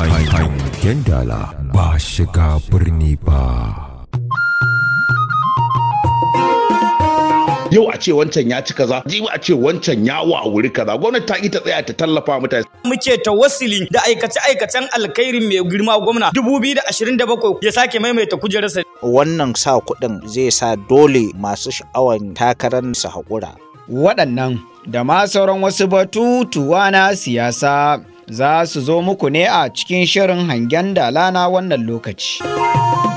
hangen dala ba shiga birni ba. Yau a ce wancan ya ci kaza, jibi a ce wancan wa a wuri kaza, gwamnati ta ita tsaya ta tallafa mutane. Muke wasili da aikace-aikacen alkairin mai girma gwamna 2027 ya sake maimaita kujerarsa. Wannan sa kuɗin zai sa dole masu sha'awan takarar su haƙura. Waɗannan da ma sauran wasu batutuwa na siyasa za su zo muku ne a cikin shirin hangen dalana wannan lokaci.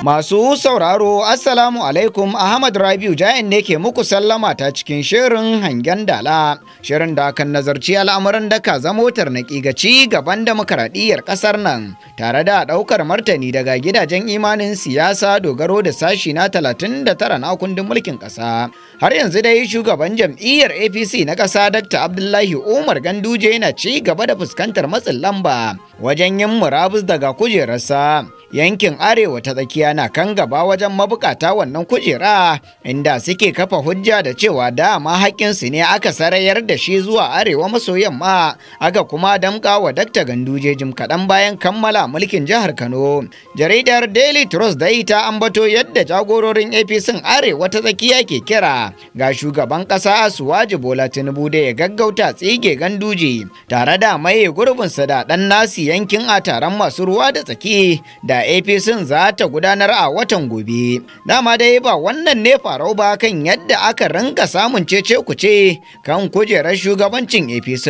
Masu sauraro Assalamu alaikum Ahmad Rabiu Jayan ne ke muku sallama ta cikin shirin hangen dala. Shirin da kan nazarci al'amuran da ka zamo tarnaƙi ga ci gaban demokaradiyyar ƙasar nan tare da ɗaukar martani daga gidajen imanin siyasa dogaro da sashi na 39 na kundin mulkin ƙasa. Har yanzu dai shugaban jam'iyyar APC na ƙasa Dr. Abdullahi Umar Ganduje yana ci gaba da fuskantar matsin lamba wajen yin murabus daga kujerarsa. yankin arewa ta tsakiya na kan gaba wajen mabukata wannan kujera inda suke kafa hujja da cewa dama haƙƙinsu ne aka sarayar da shi zuwa arewa maso yamma aka kuma damƙa wa dakta ganduje jim kaɗan bayan kammala mulkin jihar kano jaridar daily trust dai ta ambato yadda jagororin apc arewa ta tsakiya ke kira ga shugaban ƙasa suwaji bola tinubu da ya gaggauta tsige ganduje tare da maye gurbinsa da ɗan nasi yankin a taron masu ruwa da tsaki da a apc za ta gudanar a watan gobe dama dai ba wannan ne farau ba kan yadda aka rinka samun cece kuce kan kujerar shugabancin apc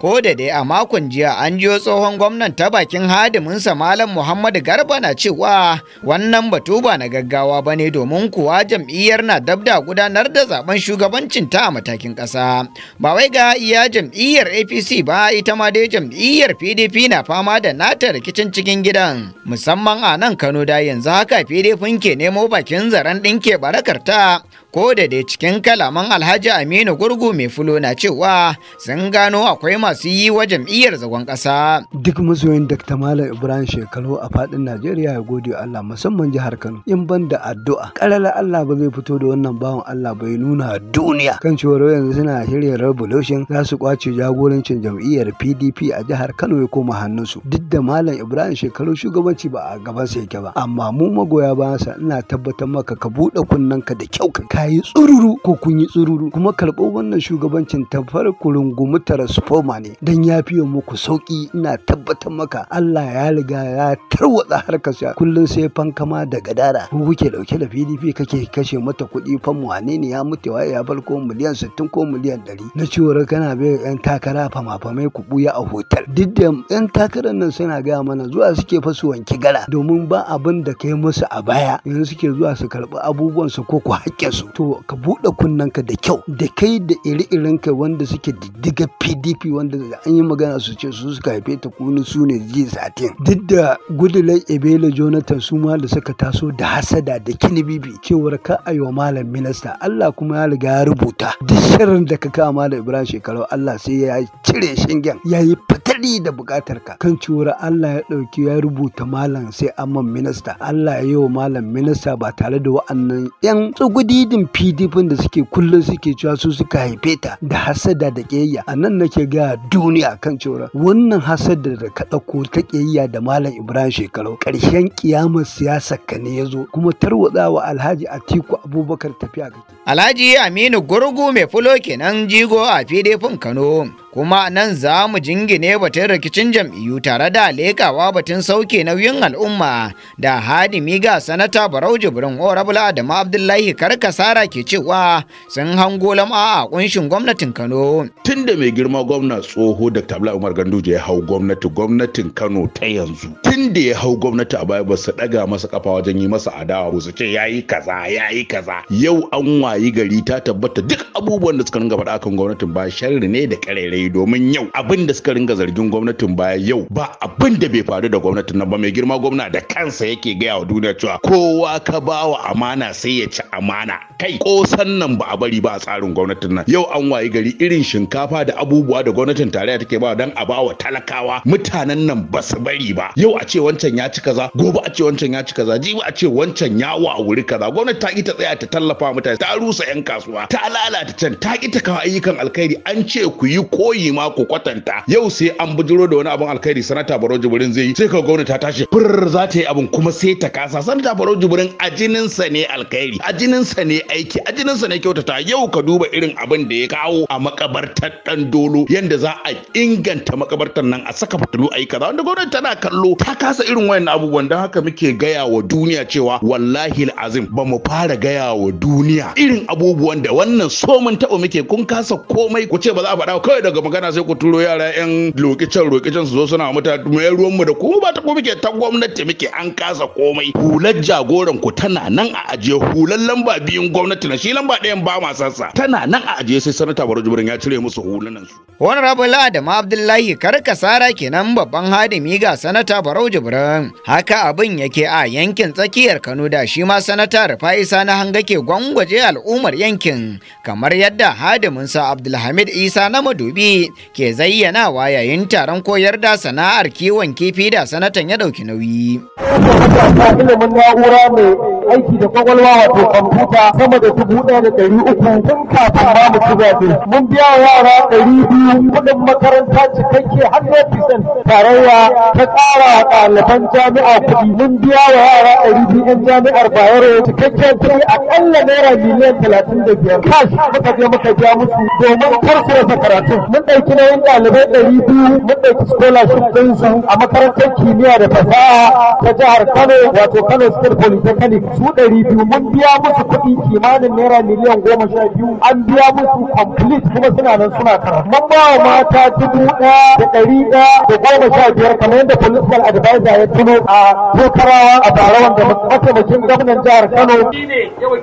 ko da dai a makon jiya an jiyo tsohon gwamnan ta bakin hadiminsa malam muhammadu garba na cewa wannan batu ba na gaggawa ba ne domin kuwa jam'iyyar na dabda gudanar da zaben shugabancin ta a matakin ƙasa ba wai ga iya jam'iyyar apc ba ita ma dai jam'iyyar pdp na fama da nata rikicin cikin gidan musamman musamman a nan Kano da yanzu haka fede funke nemo bakin zaren ɗinke barakarta ko da dai cikin kalaman alhaji aminu gurgu mai fulo na cewa sun gano akwai masu yi wa jam'iyyar zagon ƙasa duk masoyin dr malam ibrahim shekaru a fadin najeriya ya gode allah musamman jihar kano in ban da addu'a ƙarala allah ba zai fito da wannan bawan allah bai nuna duniya kan cewar yanzu suna shirya revolution za su kwace jagorancin jam'iyyar pdp a jihar kano ya koma hannunsu duk da malam ibrahim shekaru shugabanci ba a gabansa yake ba amma mu magoya sa, ina tabbatar maka ka buɗe kunnen ka da kyau ka yi tsururu ko kun yi tsururu kuma karɓo wannan shugabancin ta farko rungumi transforma ne dan ya fiye muku sauƙi. ina tabbatar maka Allah ya riga ya tarwatsa harkar Kullum sai fankama da gadara ko kuke dauke da PDP kake kashe mata kuɗi fan wane ne ya mutu waye ya farko miliyan sittin ko miliyan ɗari. na cewar kana bai yan takara fama famai ku buya a hotel duk da yan takarar nan suna gaya mana zuwa suke fa su gara domin ba abin da kai musu a baya yanzu suke zuwa su karɓi abubuwan su ko ku to ka buɗe kunnanka da kyau da kai da iri irinka wanda suke diddiga pdp wanda an yi magana su ce su suka haife ta kunu su ne ji satin duk da gudulan ebele jonathan su ma da suka taso da hasada da kinibibi cewar ka a wa malam minista allah kuma ya riga ya rubuta duk shirin da ka kama da ibrahim shekaru allah sai ya cire shingen ya yi fatali da bukatar ka kan cewar allah ya ɗauki ya rubuta malam sai amman minista allah ya yi wa malam minista ba tare da wa'annan yan tsugudi da irin pdp da suke kullum suke cewa su suka haife ta da hasada da ƙiyayya a nan nake gaya duniya kan cewa wannan hasada da ka ɗauko ta ƙiyayya da malam ibrahim shekaru ƙarshen kiyamar siyasar ka ne ya zo kuma tarwatsawa alhaji atiku abubakar tafiya kake alhaji aminu gurgu mai fulo kenan jigo a pdp kano kuma nan za mu jingine batun rikicin jam'iyyu tare da lekawa batun sauke nauyin al'umma da hadimi ga sanata barau jibrin horabula ma abdullahi karkasara ke cewa sun hango lam'a a kunshin gwamnatin kano tun da mai girma gwamna tsoho da tabla umar ganduje ya hau gwamnati gwamnatin kano ta yanzu tun da ya hau gwamnati a baya ba su daga masa kafa wajen yi masa adawa ba su ce ya yi kaza ya yi kaza yau an wayi gari ta tabbata duk abubuwan da suka ringa faɗa kan gwamnatin ba sharri ne da ƙarairayi yi domin yau abin da suka ringa zargin gwamnatin baya yau ba abin da bai faru da gwamnatin nan ba mai girma gwamna da kansa yake gaya wa duniya cewa kowa ka bawa amana sai ya ci amana kai kosan nan ba a bari ba a tsarin gwamnatin nan yau an wayi gari irin shinkafa da abubuwa da gwamnatin tarayya take ba dan a bawa talakawa mutanen nan ba su bari ba yau a ce wancan ya ci kaza gobe a ce wancan ya ci kaza jibi a ce wancan ya wa a wuri kaza gwamnati ta ki ta tsaya ta tallafa mutane ta rusa yan kasuwa ta lalata can ta ki ta kawo ayyukan alkhairi an ce ku yi koyi koyi ma ku kwatanta yau sai an bujiro da wani abin alkhairi sanata baro jibrin zai yi sai ka gwamnati ta tashi fur za ta yi abun kuma sai ta kasa sanata baro jibrin a jininsa ne alkhairi a jininsa ne aiki a sa ne kyautata yau ka duba irin abin da ya kawo a makabartar dan dolo yanda za a inganta makabartar nan a saka fitilu a yi kaza wanda gwamnati tana kallo ta kasa irin wayannan abubuwan don haka muke gaya wa duniya cewa wallahi azim ba mu fara gaya wa duniya irin abubuwan da wannan so mun taɓa muke kun kasa komai ku ce ba za a faɗa kawai daga daga magana sai ku turo yara yan lokicin lokicin su zo suna mutane mu yan ruwan mu da ku ba ta ko muke ta gwamnati muke an kasa komai hular jagoran ku tana nan a ajiye hular lamba biyun gwamnati na shi lamba ɗayan ba ma sassa tana nan a ajiye sai sanata Barau Jibrin ya cire musu hulunan su wani rabula da ma Abdullahi sara kenan babban hadimi ga sanata Barau Jibrin haka abin yake a yankin tsakiyar Kano da shi ma sanata Rufai Sani Hanga ke gwangwaje al'ummar yankin kamar yadda hadiminsa Abdulhamid Isa na Madobi ke ke wa yayin taron koyar da sana'ar kiwon kifi da sanatan ya ɗauki nauyi. aiki da kwakwalwa wato kwamfuta sama da dubu ɗaya da ɗari uku tun kafin ba mu ci zaɓe. Mun biya yara ɗari biyu kuɗin makaranta cikakke hannu percent tarayya ta ƙara wa ɗaliban jami'a kuɗi. Mun biya wa yara ɗari biyu ƴan jami'ar Bayero cikakken kuɗi aƙalla naira miliyan talatin da biyar. Kash muka je muka biya musu domin kar su rasa Mun ɗauki nauyin ɗalibai ɗari biyu mun ɗauki scholarship ɗinsu a makarantar kimiyya da fasaha ta jihar Kano wato Kano State Polytechnic. su ɗari biyu mun biya musu kuɗi kimanin naira miliyan goma sha biyu an biya musu complete kuma suna nan suna kara mun ba wa mata dubu ɗaya da ɗari ɗaya da goma sha biyar kamar yadda political advisor ya tuno a jokarawa a bara wanda mataimakin gwamnan jihar kano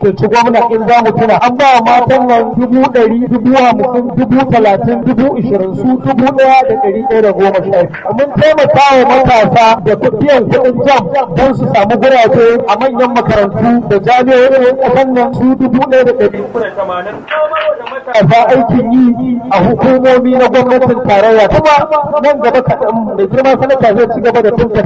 ke ci gwamna in za mu tuna an ba wa matan nan dubu ɗari dubu hamsin dubu talatin dubu ishirin su dubu ɗaya da ɗari ɗaya da goma sha biyu mun taimaka wa matasa da biyan kuɗin jam don su samu guraje a manyan makarantu makarantu da jami'o'in ƙasar nan su dubu ɗaya da ɗari ba aikin yi a hukumomi na gwamnatin tarayya kuma nan gaba kaɗan mai girma sanata zai ci gaba da tuntar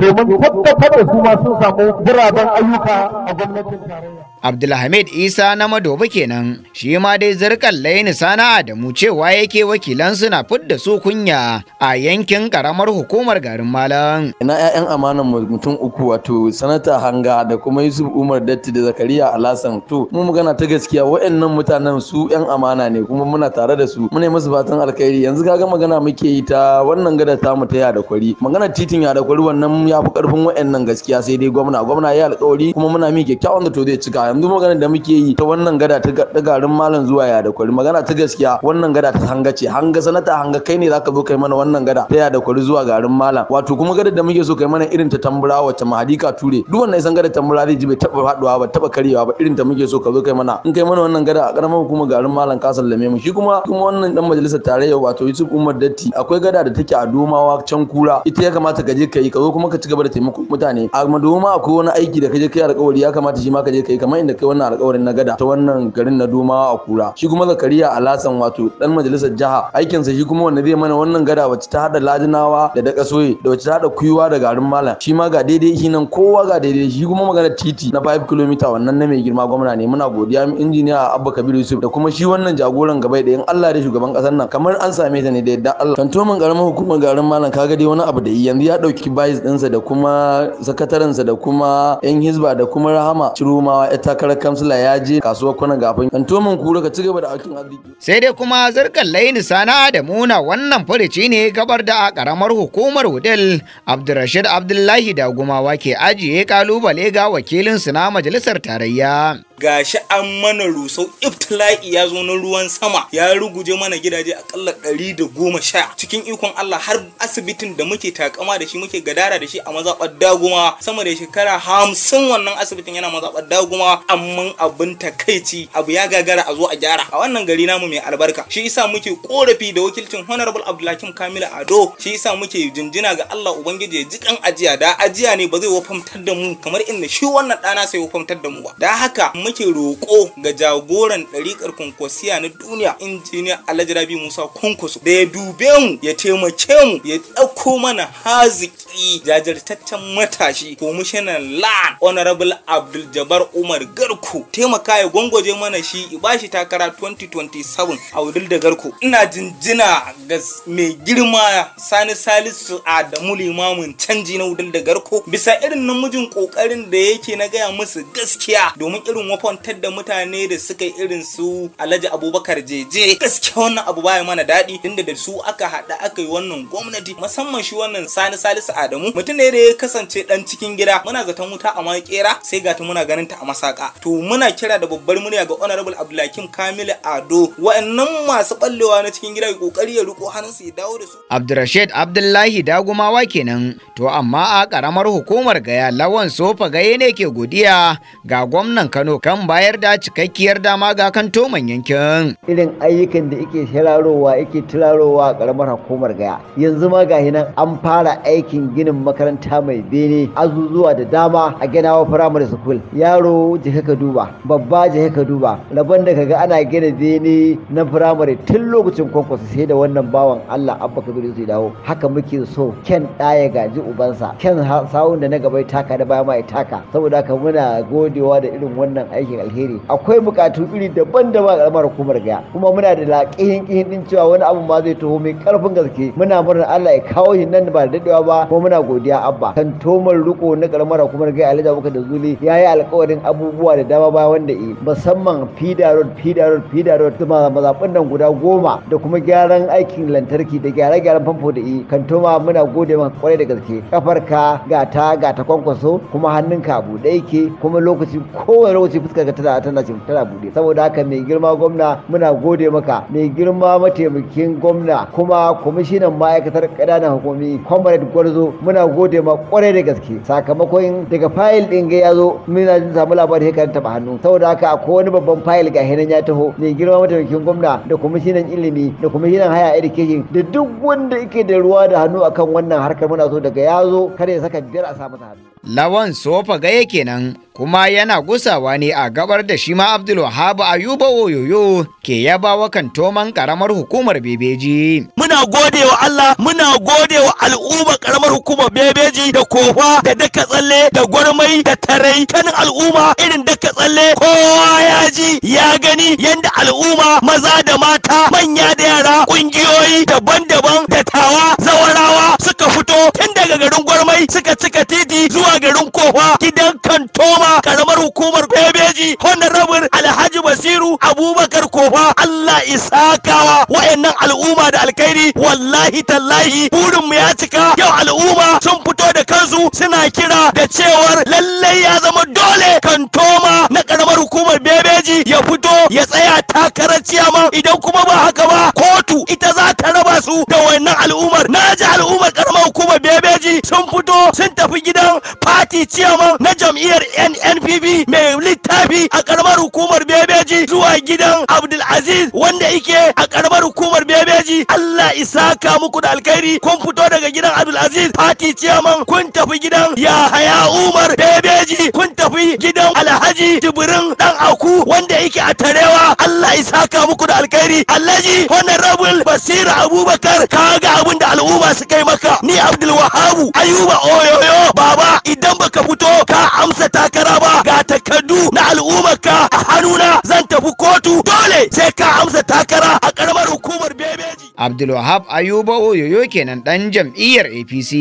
domin tabbatar da su ma sun samu guraben ayyuka a gwamnatin tarayya Abdulhamid Isa na Madoba kenan shi ma dai zarkan laini sana'a da mu cewa yake wakilan suna fidda su kunya a yankin karamar hukumar garin Malam. Ina 'ya'yan amanan mutum uku wato sanata Hanga da kuma Yusuf Umar Datti da Zakariya Alasan to mu magana ta gaskiya waɗannan mutanen su ƴan amana ne kuma muna tare da su muna musu fatan alkhairi yanzu ga magana muke yi ta wannan gada ta mu ta yada kwari magana titin yada kwari wannan ya fi karfin waɗannan gaskiya sai dai gwamna gwamna ya alƙawari kuma muna mi kyakkyawan da to zai cika yanzu magana da muke yi ta wannan gada ta garin malam zuwa ya da kwari magana ta gaskiya wannan gada ta hanga ce hanga sanata hanga kai ne zaka zo kai mana wannan gada ta ya da kwari zuwa garin malam wato kuma gada da muke so kai mana irin ta tambura wacce mahadika ture duk wannan isan gada tambura zai ji bai taba faduwa ba taba karewa ba irin ta muke so ka zo kai mana in kai mana wannan gada a karamar kuma garin malam ka sallame mu shi kuma kuma wannan dan majalisar tarayya wato Yusuf Umar Datti akwai gada da take a domawa can kura ita ya kamata ka je kai ka zo kuma ka ci gaba da taimakon mutane a madoma akwai wani aiki da ka je kai alƙawari ya kamata shi ma ka je kai kamar hanyar da kai wannan alƙawarin na gada ta wannan garin na duma a Kura shi kuma Zakariya Alasan wato dan majalisar jaha. aikinsa shi kuma wanda zai mana wannan gada wacce ta hada Ladinawa da soye da wacce ta hada Kuyuwa da garin Malam shi ma ga daidai shi nan kowa ga daidai shi kuma magana titi na 5 km wannan na mai girma gwamna ne muna godiya mu injiniya Abba Kabir Yusuf da kuma shi wannan jagoran gaba da in Allah da shugaban kasar nan kamar an same ta ne da yadda Allah kantomin karamar hukumar garin Malam kaga dai wani abu da yanzu ya dauki bayis dinsa da kuma sakatarensa da kuma yan hizba da kuma rahama cirumawa takarar kansila ya je kasuwar kwanan gafin an tomin kura ka ci gaba da aikin arziki. sai dai kuma zarkan laini sana da muna wannan farici ne gabar da a karamar hukumar hudel abdulrashid abdullahi da gumawa ke ajiye kalubale ga wakilinsu na majalisar tarayya. Ga shi an mana rusau iftila'i ya zo na ruwan sama ya ruguje mana gidaje a kalla ɗari da goma sha cikin ikon Allah har asibitin da muke takama da shi muke gadara da shi a mazaɓar daguma sama da shekara hamsin wannan asibitin yana mazaɓar daguma amma abin takaici abu ya gagara a zo a gyara a wannan gari namu mai albarka shi isa muke korafi da wakilcin honorable abdulhakim kamilu ado shi isa muke jinjina ga Allah ubangiji ya ji ajiya da ajiya ne ba zai wafamtar da mu kamar inda shi wannan ɗana sai wafamtar da mu ba da haka muke roƙo ga jagoran ɗariƙar kwankwasiya na duniya injiniya alhaji rabi musa kwankwaso da ya dube mu ya taimake mu ya ɗauko mana haziki jajirtaccen matashi komishinan lan honorable abdul jabbar umar garko taimaka ya gwangwaje mana shi bashi takara 2027 a wudil da garko ina jinjina ga mai girma sani salisu adamu limamin canji na wudil da garko bisa irin namijin kokarin da yake na gaya musu gaskiya domin irin kwantar da mutane da suka yi irin su alhaji abubakar jeje gaskiya wannan abu baya mana daɗi tunda da su aka haɗa aka yi wannan gwamnati musamman shi wannan sani salisu adamu mutum ne da ya kasance ɗan cikin gida muna zaton wuta a kera? sai ga ta muna ganin ta a masaka to muna kira da babbar murya ga honorable abdulhakim kamilu ado wa'annan masu ɓallewa na cikin gida kokari ya riko hannunsu ya dawo da su abdurrashid abdullahi dagumawa kenan to amma a ƙaramar hukumar gaya lawan sofa gaye ne ke godiya ga gwamnan kano kan bayar da cikakkiyar dama ga kantoman yankin. Irin ayyukan da yake shirarowa yake turarowa a karamar hukumar gaya. Yanzu ma ga nan an fara aikin ginin makaranta mai bene azuzuwa da dama a ginawa firamare school. Yaro jika ka duba, babba jika ka duba. Rabon da kaga ana gina bene na firamare tun lokacin kwankwasa, sai da wannan bawan Allah abba ka zuri dawo. Haka muke so ken ɗaya gaji ubansa. Ken sawun da na gaba ya taka da baya mai taka. Saboda haka muna godewa da irin wannan aikin alheri akwai bukatu iri daban-daban a karamar hukumar gaya kuma muna da laƙihin kihin din cewa wani abu ma zai taho mai karfin gaske muna murna Allah ya kawo shi nan ba da dadewa ba kuma muna godiya abba kan tomar riko na karamar hukumar gaya Alhaji Abubakar da Zuli yi alƙawarin abubuwa da dama ba wanda yi musamman Fida Road Fida Road Fida Road kuma mazaɓin nan guda goma da kuma gyaran aikin lantarki da gyare-gyaren famfo da yi kan toma muna gode maka kwarai da gaske kafarka gata gata kwankwaso kuma hannunka abu da yake kuma lokaci kowane lokaci lokaci fuskar ka tana tana tana bude saboda haka mai girma gwamna muna gode maka mai girma mataimakin gwamna kuma kwamishinan ma'aikatar ƙananan hukumi comrade gwarzo muna gode ma kwarai da gaske sakamakon daga fayil din ga ya zo muna jin samu labarin sai ka taba hannu saboda haka akwai wani babban fayil ga hinan ya taho mai girma mataimakin gwamna da kwamishinan ilimi da kwamishinan haya education da duk wanda yake da ruwa da hannu akan wannan harkar muna so daga ya zo kada ya saka biyar a sa masa hannu lawan sofa ga kenan kuma yana gusawa ne a gabar da shi ma Abdulwahab Ayuba Oyoyo ke yaba wa kantoman karamar hukumar Bebeji. Muna gode wa Allah, muna gode wa al'umma karamar hukumar Bebeji da kowa da daka tsalle da gwarmai da tarai kanin al'umma irin daka tsalle kowa ya ji ya gani yanda al'umma maza da mata manya da yara kungiyoyi daban-daban da tawa zawarawa suka fito tun daga garin gwarmai suka cika titi zuwa garin kofa gidan kantoma karamar hukumar bebeji honorable alhaji basiru abubakar kofa allah isakawa wa'annan al'umma da alkhairi wallahi tallahi burinmu ya cika yau al'umma sun fito da kansu suna kira da cewar lallai ya zama dole kantoma na karamar hukumar bebeji ya fito ya tsaya takarar ciyama idan kuma ba haka ba kotu ita za ta raba su da wannan al'ummar na ji al'ummar karamar hukumar bebeji sun fito sun tafi gidan fati ciyaman na jam'iyyar NNPP mai littafi a karamar hukumar bebeji zuwa gidan Abdulaziz wanda yake a karamar hukumar bebeji Allah isaka muku da alkhairi kun fito daga gidan Abdulaziz fati ciyaman kun tafi gidan Yahaya Umar bebeji kun tafi gidan Alhaji Jibrin dan Aku wanda yake a Tarewa Allah isaka muku da alkhairi Alhaji wannan abul basira abubakar ka ga abin da al'umma su kai maka ni abdul wahabu ayuba oyoyo baba idan baka fito ka amsa takara ba ga takardu na al'ummarka a hannuna zan tafi kotu dole sai ka amsa takara a karamar hukumar bebeji Abdulwahab Ayuba Oyoyo kenan ɗan jam'iyyar APC.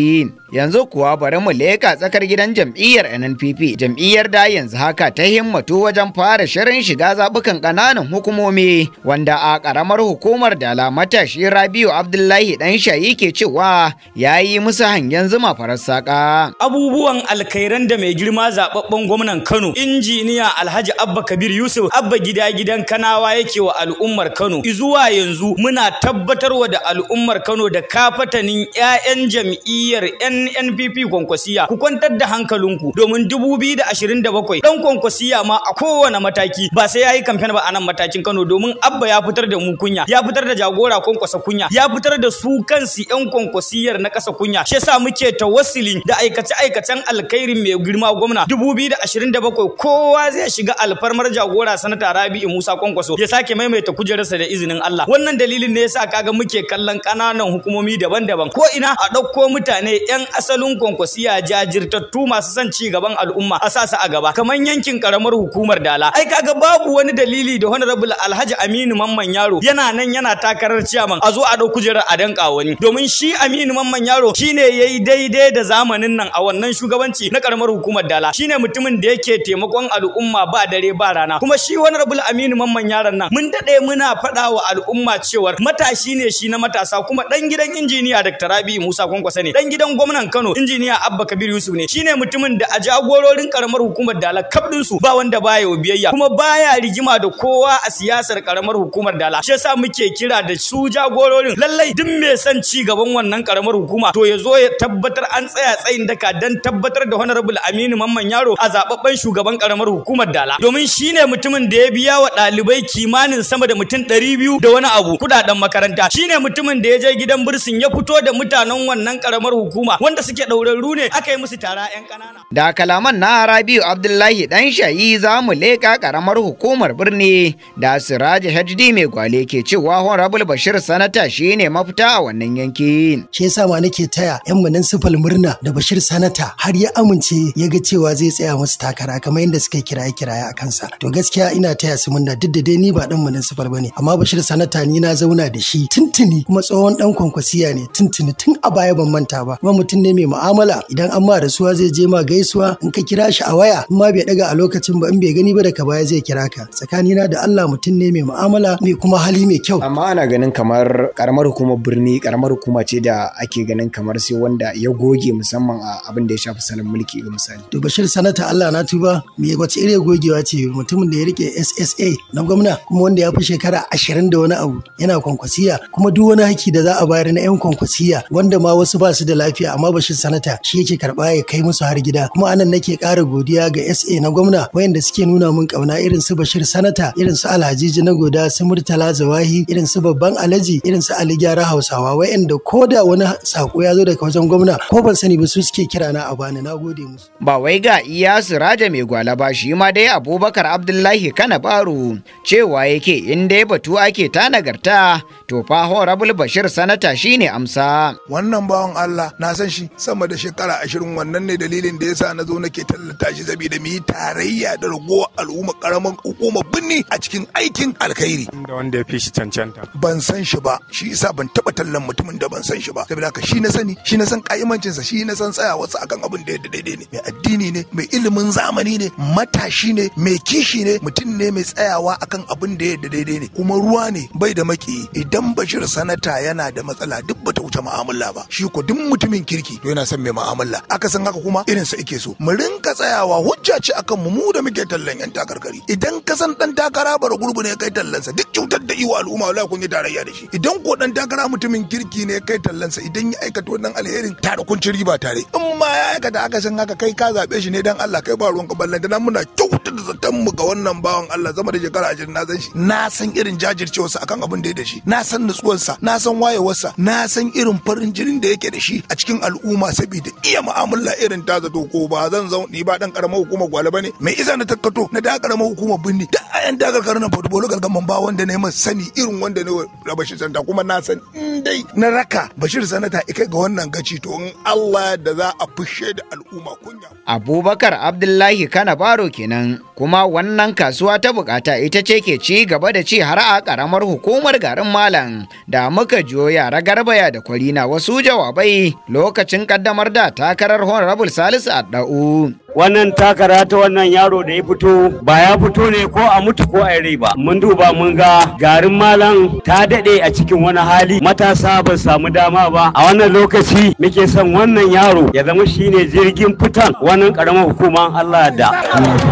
Yanzu kuwa bari mu leka tsakar gidan jam'iyyar NNPP. Jam'iyyar da yanzu haka ta himmatu wajen fara shirin shiga zabukan ƙananan hukumomi wanda a karamar hukumar Dala matashi Rabiu Abdullahi ɗan shayi ke cewa ya yi musu hangen zuma farar saka. Abubuwan alkairan da mai girma zaɓaɓɓen gwamnan Kano, injiniya Alhaji Abba Kabir Yusuf, Abba gida gidan Kanawa yake wa al'ummar Kano. Izuwa yanzu muna tabbatar tabbatarwa da al'ummar Kano da kafatanin 'ya'yan jam'iyyar NNPP Kwankwasiya ku kwantar da hankalinku domin 2027 dan Kwankwasiya ma a kowane mataki ba sai yayi kamfen ba a nan matakin Kano domin Abba ya fitar da mu kunya ya fitar da jagora Kwankwasa kunya ya fitar da su kansu 'yan Kwankwasiyar na ƙasa kunya shi yasa muke tawassuli da aikace aikacen alkhairin mai girma gwamna 2027 kowa zai shiga alfarmar jagora sanata Rabi'u Musa Kwankwaso ya sake maimaita kujerarsa da izinin Allah wannan dalilin ne yasa kaga muke kallon ƙananan hukumomi daban-daban ko ina a ɗauko mutane 'yan asalin kwankwasiya jajirtattu masu son ci gaban al'umma a sa su a gaba kamar yankin karamar hukumar dala ai kaga babu wani dalili da honorable alhaji aminu mamman yaro yana nan yana takarar ciyaman a zo a ɗau kujerar a danka wani domin shi aminu mamman yaro shine yayi daidai da zamanin nan a wannan shugabanci na karamar hukumar dala shine mutumin da yake taimakon al'umma ba dare ba rana kuma shi honorable aminu mamman yaron nan mun daɗe muna faɗa wa al'umma cewar matashi ne ne shi na matasa kuma dan gidan injiniya Dr. Rabi Musa Kwankwasa ne dan gidan gwamnan Kano injiniya Abba Kabir Yusuf ne shine mutumin da a jagororin karamar hukumar Dala kabdin su ba wanda baya biyayya kuma baya rigima da kowa a siyasar karamar hukumar Dala shi yasa muke kira da su jagororin lallai duk mai son ci gaban wannan karamar hukuma to ya zo ya tabbatar an tsaya tsayin daka dan tabbatar da honorable Aminu Mamman Yaro a zababben shugaban karamar hukumar Dala domin shine mutumin da ya biya wa ɗalibai kimanin sama da mutum ɗari biyu da wani abu kudaden makaranta shine mutumin da ya je gidan bursin ya fito da mutanen wannan karamar hukuma wanda suke ɗaurarru ne aka yi musu tara 'yan ƙanana. Da kalaman na Rabiu Abdullahi ɗan shayi za mu leƙa karamar hukumar birni da Siraji HD mai gwale ke cewa Honorable Bashir Sanata shine mafita a wannan yankin. Shi yasa ma nake taya 'yan sufal murna da Bashir Sanata har ya amince ya ga cewa zai tsaya musu takara kamar yadda suka kiraye kiraye a kansa. To gaskiya ina taya su murna duk da dai ni ba ɗan ba ne. amma Bashir Sanata ni na zauna da shi tun tuntuni kuma tsohon dan kwankwasiya ne tuntuni tun a baya ban manta ba kuma mutum ne mai mu'amala idan an ma rasuwa zai je ma gaisuwa in ka kira shi a waya in ma bai daga a lokacin ba in bai gani ba daga baya zai kira ka tsakanina da Allah mutum ne mai mu'amala mai kuma hali mai kyau amma ana ganin kamar karamar hukumar birni karamar hukuma ce da ake ganin kamar sai wanda ya goge musamman a abin da ya shafi salon mulki ga misali to bashir sanata Allah na tuba me wace irin gogewa ce mutumin da ya rike SSA na gwamna kuma wanda ya fi shekara ashirin da wani abu yana kwankwasiya kuma duk wani haki da za a bayar na 'yan kwankwasiya wanda ma wasu ba su da lafiya amma bashin sanata shi yake karba ya kai musu har gida kuma anan nake ƙara godiya ga SA na gwamna wayanda suke nuna mun kauna irin su Bashir sanata irin su Alhaji na goda su Murtala Zawahi irin su babban Alhaji irin su Ali Gyara Hausawa wayanda ko da wani sako ya zo daga wajen gwamna ko ban sani ba su suke kira na a bani na gode musu ba wai ga iya suraja mai gwala ba shi ma dai Abubakar Abdullahi Kana Baro cewa yake in dai batu ake ta nagarta to fa horabul bashir sanata shine amsa wannan bawan allah na san shi sama da shekara ashirin wannan ne dalilin da ya sa na zo nake tallata shi saboda mu yi tarayya da ragowa al'umma karamin hukuma binni a cikin aikin alkhairi da wanda ya fi shi cancanta ban san shi ba shi yasa ban taba tallan mutumin da ban san shi ba saboda haka shi na sani shi na san ka'imancinsa shi na san wasu akan abin da ya daidai ne mai addini ne mai ilimin zamani ne matashi ne mai kishi ne mutum ne mai tsayawa akan abin da ya daidai ne kuma ruwa ne bai da maki idan ba bashir sanata yana da matsala duk bata wuce mu'amala ba shi ko duk mutumin kirki to yana son mai mu'amala aka san haka kuma irin sa ike so mu rinka tsayawa hujja ce akan mu mu da muke tallan yan takarkari idan ka san dan takara bara gurbu ne kai tallansa duk cutar da iwa al'umma wallahi kun yi tarayya da shi idan ko dan takara mutumin kirki ne kai tallansa idan ya aikata wannan alherin tare kun ci riba tare in ma ya aikata aka san haka kai ka zabe shi ne dan Allah kai ba ruwan ballan ballanta muna kyautar da zaton mu ga wannan bawan Allah zama da shekara 20 na san shi na san irin jajircewarsa akan abin da ya da shi na san nutsuwansa na san wayewarsa na san irin farin jinin da yake da shi a cikin al'umma saboda iya mu'amala irin ta zato ko ba zan zan ni ba dan karamar hukumar gwale bane mai isa na takkato na da karamar hukumar binni da ayan daga karnar fotobolo gargaman ba wanda na yi sani irin wanda ne da bashir sanata kuma na san in dai na raka bashir sanata ikai ga wannan gaci to in Allah da za a fushe da al'umma kunya abubakar abdullahi kana baro kenan kuma wannan kasuwa ta bukata ita ce ke ci gaba da ci har a karamar hukumar garin malam da muka jiyo yara garbaya da kwari wasu jawabai lokacin kaddamar da takarar honorable salisu adda'u wannan takara ta wannan yaro da ya fito ba ya fito ne ko a mutu ko a rai ba mun duba mun ga garin malam ta daɗe a cikin wani hali matasa ba samu dama ba a wannan lokaci muke son wannan yaro ya zama shine jirgin fitan wannan karamar hukuma Allah da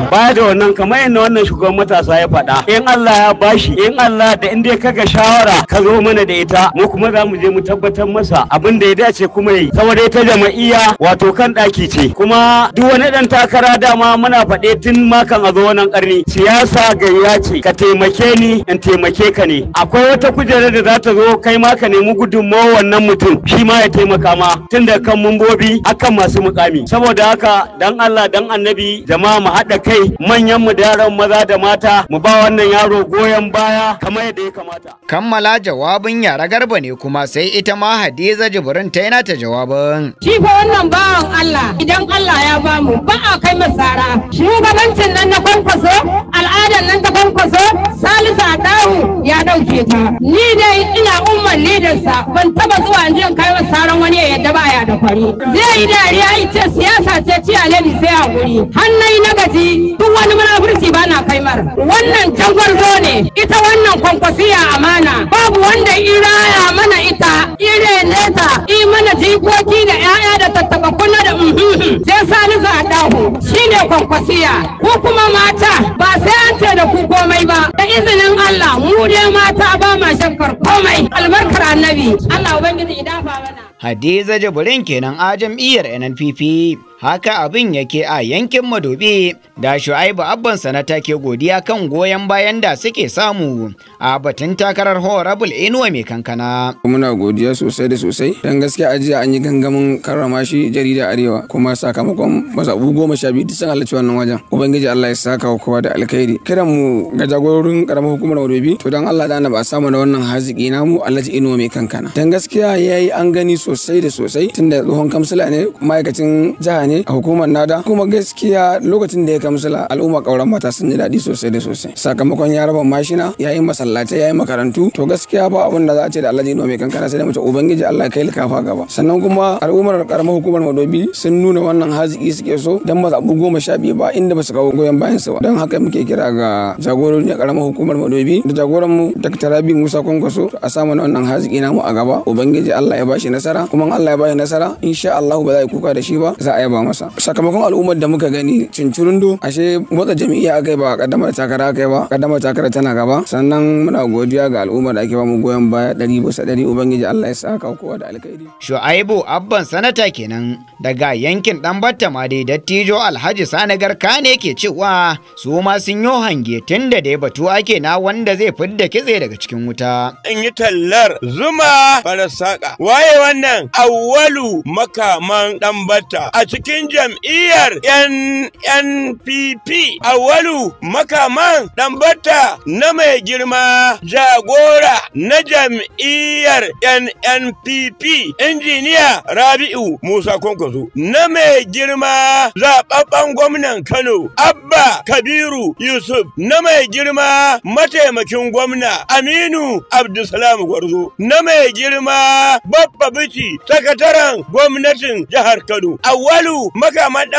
baya da wannan kamar yadda wannan shugaban matasa ya faɗa in Allah ya bashi in Allah da inda ka ga shawara ka zo mana da ita mu kuma za mu je mu tabbatar masa abin da ya dace kuma yi saboda ita jama'iyya wato kan ɗaki ce kuma duk wani ɗan takara dama muna faɗe tun makan a zo wannan ƙarni siyasa gayya ce ka taimake ni in taimake ka ne akwai wata kujerar da za ta zo kai ma ka nemi gudunmawar wannan mutum shi ma ya taimaka ma tun da kan mumbobi akan masu mukami saboda haka dan Allah dan annabi jama'a mu haɗa kai manyan mu da maza da mata mu ba wannan yaro goyon baya kamar yadda ya kamata kammala jawabin yara garba ne kuma sai ita ma Hadiza Jibrin ta yana ta jawabin shi fa wannan bawan Allah idan Allah ya bamu ba a kai masara shugabancin nan na kwankwaso al'adar nan ta kwankwaso salisu adahu ya dauke ta ni dai ina umman lidarsa ban taba zuwa in jin kai masaran wani ya yadda baya da kwari zai yi dariya ce siyasa ce ci alheri sai wuri. hannai na gaji duk wani munafurci ba na kai mar wannan tangwarzo ne ita wannan kwankwasiya amana babu wanda iraya mana ita ire nesa, i mana jikoki da Alhaji a a shi shine kwankwasiya ku kuma mata ba sai an ce da ku komai ba da izinin Allah mu dai mata ba ma shakkar komai albarkar annabi Allah ubangiji ba mana Hadiza Jibrin kenan a jam'iyyar NNPP haka abin yake a yankin madobe da shu'aibu abban na ke godiya kan goyon bayan da suke samu a batun takarar horabul inuwa mai kankana muna godiya sosai da sosai dan gaskiya jiya an yi gangamin karrama shi jarida arewa kuma sakamakon mazabu goma sha biyu sun halarci wannan wajen ubangiji allah ya saka wa kowa da alkhairi kiran mu ga jagororin karamar hukumar madobi to dan allah da ba a samu da wannan haziki namu alhaji inuwa mai kankana dan gaskiya ya yi an gani sosai da sosai tunda tsohon kamsila ne ma'aikacin jiha ne ne a hukumar nada kuma gaskiya lokacin da ya kamsila al'umma kauran mata sun ji daɗi sosai da sosai sakamakon ya raba mashina ya yi masallatai ya yi makarantu to gaskiya ba abin da za a ce da alhaji noma mai kankana sai da mace ubangiji Allah kai likafa gaba sannan kuma al'ummar karamar hukumar madobi sun nuna wannan haziki suke so dan mazaɓu goma sha biyu ba inda ba su kawo goyon bayan su ba don haka muke kira ga jagorori karamar hukumar madobi da jagoran mu Dr. Rabi Musa Kwankwaso a samu wannan haziki namu a gaba ubangiji Allah ya bashi nasara kuma Allah ya bashi nasara insha Allah ba za a kuka da shi ba za a yi ba masa sakamakon al'ummar da muka gani cincirindo. ashe motsa jami'a aka yi ba kaddamar takara aka yi ba kaddamar takara tana gaba sannan muna godiya ga al'ummar da ake ba mu goyon baya ɗari bisa ɗari ubangiji Allah ya saka kowa da alkhairi shu'aibu abban sanata kenan daga yankin dan battama dai dattijo alhaji sani garka ne ke cewa su ma sun yi hange tun da dai batu ake na wanda zai fidda kitse daga cikin wuta in yi tallar zuma saka waye wannan awwalu makaman dan batta a cikin cikin jam'iyyar NNPP Awalu Makaman Dambata na mai girma jagora na jam'iyyar NNPP injiniya Rabi'u Musa Kwankwaso na mai girma zaɓaɓɓen gwamnan Kano Abba Kabiru Yusuf na mai girma mataimakin gwamna Aminu Abdulsalam Gwarzo na mai girma Babba biki sakataren gwamnatin jihar Kano Awalu Kabiru makaman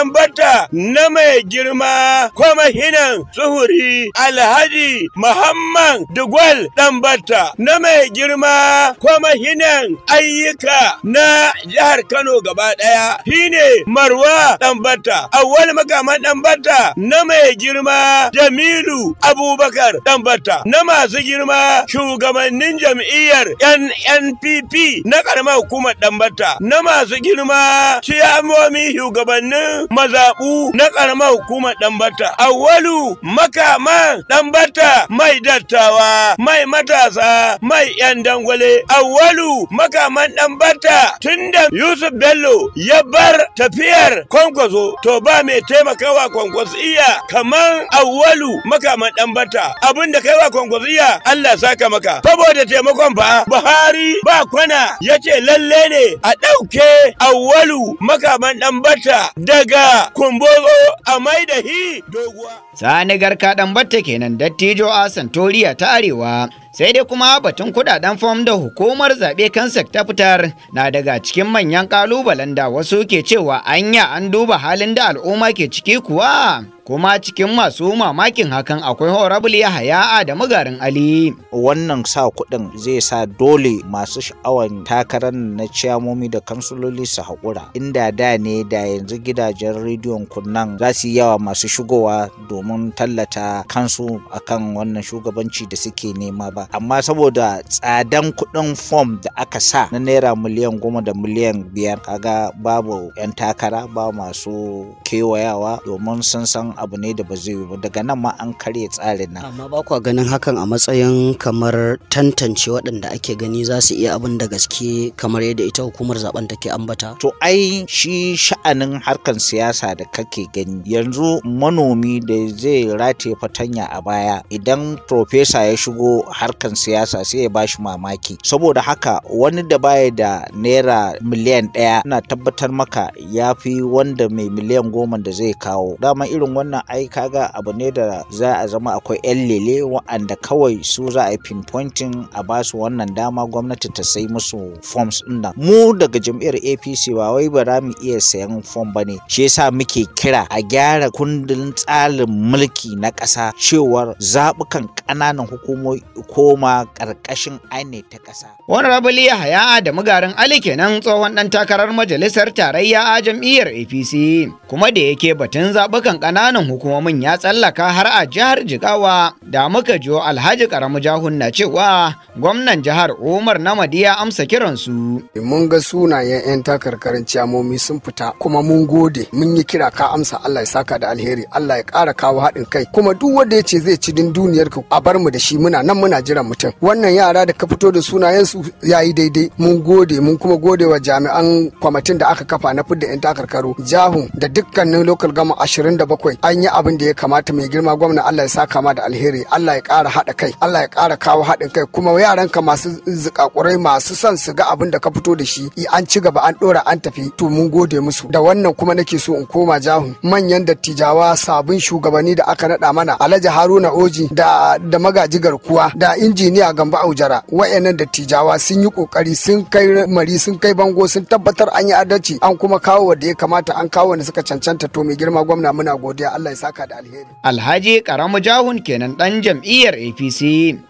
na mai girma kwamahinan tsuhuri Alhaji Muhammad Dugwal ɗan batta na mai girma kwamahinan ayyuka na jihar Kano gaba ɗaya shine Marwa ɗan batta awwal makaman ɗan na mai girma Jamilu Abubakar ɗan batta na masu girma shugabannin jam'iyyar NNPP na ƙaramar hukumar ɗan batta na masu girma ciyamomi shugabannin mazaɓu na ƙaramar hukumar ɗambata. walu makaman ɗambata mai dattawa, mai matasa, mai ‘yan dangwale. walu makaman ɗambata tun da Yusuf Bello ya bar tafiyar kwankwaso to ba mai taimakawa kwankwasiya kamar walu makaman ɗambata. Abin da kaiwa kwankwasiya Allah saka maka. Saboda taimakon fa Buhari ba kwana ya ce lalle ne a ɗauke walu makaman ɗambata. bata daga kumboro a mai da hi doguwa. Sani garka ɗan batta kenan dattijo a Santoriya ta Arewa. sai dai kuma batun kudaden fom da hukumar zaɓe kansek ta fitar na daga cikin manyan kalubalen da wasu ke cewa anya an duba halin da al'umma ke ciki kuwa kuma cikin masu mamakin hakan akwai horabul yahaya da magarin ali wannan sa kuɗin zai sa dole masu sha'awan takarar na ciyamomi da kansuloli su haƙura inda da ne da yanzu gidajen rediyon kunnan za su yawa masu shigowa domin tallata kansu akan wannan shugabanci da suke nema ba amma saboda tsadan kuɗin fom da aka sa na naira miliyan goma da miliyan biyar kaga babu 'yan takara ba masu kewayawa domin sun san abu ne da ba zai ba daga nan ma an karya tsarin nan amma ba kwa ganin hakan a matsayin kamar tantance waɗanda ake gani za su iya abin da gaske kamar yadda ita hukumar zaben take ambata to ai shi sha'anin harkan siyasa da kake gani yanzu manomi da zai rataye fatanya a baya idan profesa ya shigo har harkan siyasa sai ya bashi mamaki saboda haka wani da baya da naira miliyan ɗaya na tabbatar maka ya fi wanda mai miliyan goma da zai kawo dama irin wannan ai kaga abu ne da za a zama akwai 'yan lele wa'anda kawai su za a yi pinpointing a basu wannan dama gwamnati ta sai musu forms ɗin mu daga jam'iyyar apc ba wai ba za mu iya sayan form ba ne shi yasa muke kira a gyara kundin tsarin mulki na ƙasa cewar zaɓukan ƙananan hukumomi ko koma ƙarƙashin aine ta ƙasa. Honorable Yahaya da mugarin Ali kenan tsohon ɗan takarar majalisar tarayya a jam'iyyar APC kuma da yake batun zaɓukan ƙananan hukumomin ya tsallaka har a jihar Jigawa da muka jo Alhaji Karamu Jahun na cewa gwamnan jihar Umar Namadi ya amsa kiransu. Mun ga sunayen 'yan takarkarin ciyamomi sun fita kuma mun gode mun yi kira ka amsa Allah ya saka da alheri Allah ya ƙara kawo haɗin kai kuma duk wanda ya ce zai ci din duniyar ku a bar mu da shi muna nan muna jira kiran mutum wannan yara da ka fito da sunayensu ya yi daidai mun gode mun kuma gode wa jami'an kwamitin da aka kafa na fidda 'yan takarkaru jahun da dukkanin local gama 27 an yi abin da ya kamata mai girma gwamna allah ya saka ma da alheri allah ya kara haɗa kai allah ya kara kawo haɗin kai kuma yaran ka masu zikakurai masu son su ga abin da ka fito da shi an ci gaba an ɗora an tafi to mun gode musu da wannan kuma nake so in koma jahun manyan dattijawa sabon shugabanni da aka naɗa mana alhaji haruna oji da da magaji garkuwa da injiniya gamba aujara wa'annan dattijawa sun yi kokari sun kai mari sun kai bango sun tabbatar an yi adalci an kuma kawo da ya kamata an kawo wanda suka cancanta to mai girma gwamna muna godiya Allah ya saka da alheri alhaji karamu jahun kenan dan jam'iyyar APC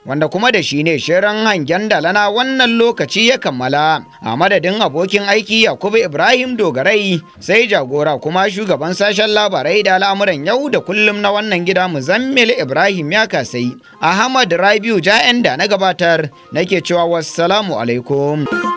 wanda kuma da shi ne shirin hangen dalana wannan lokaci ya kammala a madadin abokin aiki Yakubu Ibrahim Dogarai sai jagora kuma shugaban sashen labarai da al'amuran yau da kullum na wannan gida Muzammil Ibrahim ya kasai Ahmad Rabiu 'ya'yan da na gabatar nake cewa wassalamu alaikum.